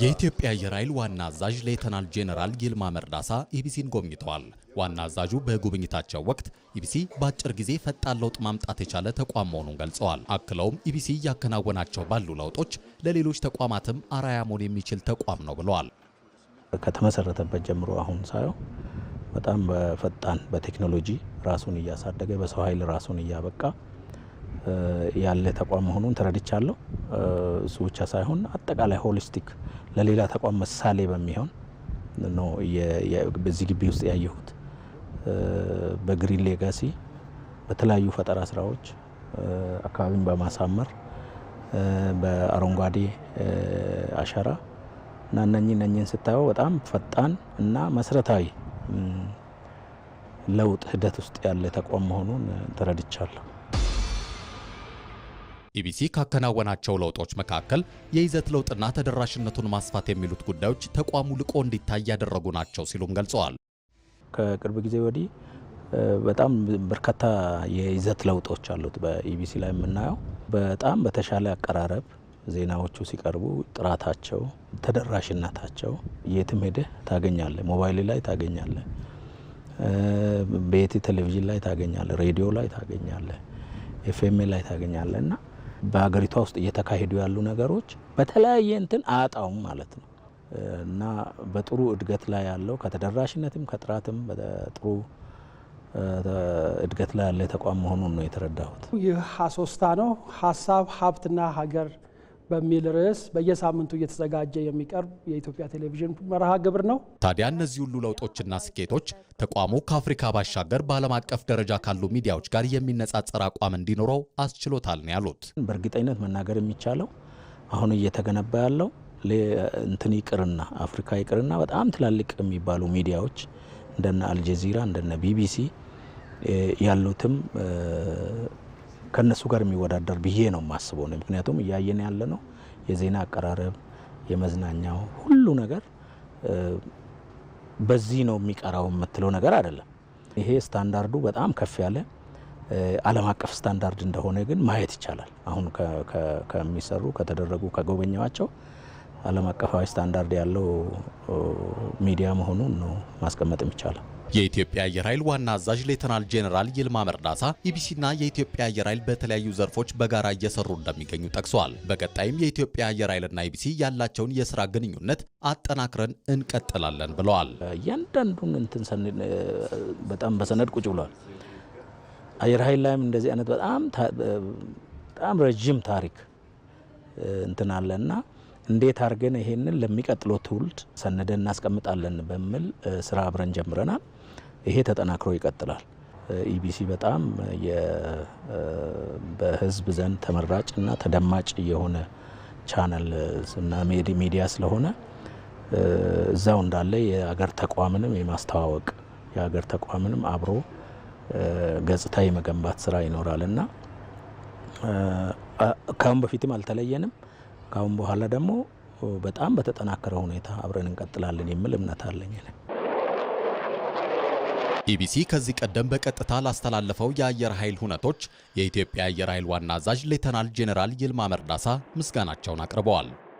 የኢትዮጵያ አየር ኃይል ዋና አዛዥ ሌተናል ጄኔራል ይልማ መርዳሳ ኢቢሲን ጎብኝተዋል። ዋና አዛዡ በጉብኝታቸው ወቅት ኢቢሲ በአጭር ጊዜ ፈጣን ለውጥ ማምጣት የቻለ ተቋም መሆኑን ገልጸዋል። አክለውም ኢቢሲ እያከናወናቸው ባሉ ለውጦች ለሌሎች ተቋማትም አራያ መሆን የሚችል ተቋም ነው ብለዋል። ከተመሰረተበት ጀምሮ አሁን ሳየው በጣም በፈጣን በቴክኖሎጂ ራሱን እያሳደገ በሰው ኃይል ራሱን እያበቃ ያለ ተቋም መሆኑን ተረድቻለሁ። እሱ ብቻ ሳይሆን አጠቃላይ ሆሊስቲክ ለሌላ ተቋም ምሳሌ በሚሆን ነው በዚህ ግቢ ውስጥ ያየሁት። በግሪን ሌጋሲ በተለያዩ ፈጠራ ስራዎች አካባቢን በማሳመር በአረንጓዴ አሻራ እና እነኚህ እነኚህን ስታየው በጣም ፈጣን እና መሰረታዊ ለውጥ ሂደት ውስጥ ያለ ተቋም መሆኑን ተረድቻለሁ። ኢቢሲ ካከናወናቸው ለውጦች መካከል የይዘት ለውጥና ተደራሽነቱን ማስፋት የሚሉት ጉዳዮች ተቋሙ ልቆ እንዲታይ ያደረጉ ናቸው ሲሉም ገልጸዋል። ከቅርብ ጊዜ ወዲህ በጣም በርካታ የይዘት ለውጦች አሉት። በኢቢሲ ላይ የምናየው በጣም በተሻለ አቀራረብ ዜናዎቹ ሲቀርቡ ጥራታቸው፣ ተደራሽነታቸው የትም ሄደህ ታገኛለህ፣ ሞባይል ላይ ታገኛለህ፣ ቤት ቴሌቪዥን ላይ ታገኛለህ፣ ሬዲዮ ላይ ታገኛለህ፣ ኤፍኤም ላይ ታገኛለህ እና በሀገሪቷ ውስጥ እየተካሄዱ ያሉ ነገሮች በተለያየ እንትን አያጣውም ማለት ነው እና በጥሩ እድገት ላይ ያለው ከተደራሽነትም ከጥራትም በጥሩ እድገት ላይ ያለ ተቋም መሆኑን ነው የተረዳሁት። ይህ ሀሶስታ ነው። ሀሳብ ሀብትና ሀገር በሚል ርዕስ በየሳምንቱ እየተዘጋጀ የሚቀርብ የኢትዮጵያ ቴሌቪዥን መርሃ ግብር ነው። ታዲያ እነዚህ ሁሉ ለውጦችና ስኬቶች ተቋሙ ከአፍሪካ ባሻገር በዓለም አቀፍ ደረጃ ካሉ ሚዲያዎች ጋር የሚነጻጸር አቋም እንዲኖረው አስችሎታል ነው ያሉት። በእርግጠኝነት መናገር የሚቻለው አሁን እየተገነባ ያለው እንትን ይቅርና አፍሪካ ይቅርና በጣም ትላልቅ የሚባሉ ሚዲያዎች እንደነ አልጀዚራ እንደነ ቢቢሲ ያሉትም ከነሱ ጋር የሚወዳደር ብዬ ነው የማስበው። ምክንያቱም እያየን ያለ ነው የዜና አቀራረብ፣ የመዝናኛው ሁሉ ነገር በዚህ ነው የሚቀራው የምትለው ነገር አይደለም። ይሄ ስታንዳርዱ በጣም ከፍ ያለ ዓለም አቀፍ ስታንዳርድ እንደሆነ ግን ማየት ይቻላል። አሁን ከሚሰሩ ከተደረጉ ከጎበኘዋቸው ዓለም አቀፋዊ ስታንዳርድ ያለው ሚዲያ መሆኑን ነው ማስቀመጥ ይቻላል። የኢትዮጵያ አየር ኃይል ዋና አዛዥ ሌተናል ጄኔራል ይልማ መርዳሳ ኢቢሲና የኢትዮጵያ አየር ኃይል በተለያዩ ዘርፎች በጋራ እየሰሩ እንደሚገኙ ጠቅሰዋል። በቀጣይም የኢትዮጵያ አየር ኃይልና ኢቢሲ ያላቸውን የስራ ግንኙነት አጠናክረን እንቀጥላለን ብለዋል። እያንዳንዱን እንትን በጣም በሰነድ ቁጭ ብለዋል። አየር ኃይል ላይም እንደዚህ አይነት በጣም በጣም ረዥም ታሪክ እንትን አለና እንዴት አድርገን ይሄንን ለሚቀጥለው ትውልድ ሰነደ እናስቀምጣለን በሚል ስራ አብረን ጀምረናል። ይሄ ተጠናክሮ ይቀጥላል። ኢቢሲ በጣም በህዝብ ዘንድ ተመራጭ እና ተደማጭ የሆነ ቻናል እና ሚዲያ ስለሆነ እዛው እንዳለ የአገር ተቋምንም የማስተዋወቅ የአገር ተቋምንም አብሮ ገጽታ የመገንባት ስራ ይኖራል እና ከአሁን በፊትም አልተለየንም። ከአሁን በኋላ ደግሞ በጣም በተጠናከረ ሁኔታ አብረን እንቀጥላለን የሚል እምነት አለኝ። ኢቢሲ ከዚህ ቀደም በቀጥታ ላስተላለፈው የአየር ኃይል ሁነቶች የኢትዮጵያ አየር ኃይል ዋና አዛዥ ሌተናል ጄኔራል ይልማ መርዳሳ ምስጋናቸውን አቅርበዋል።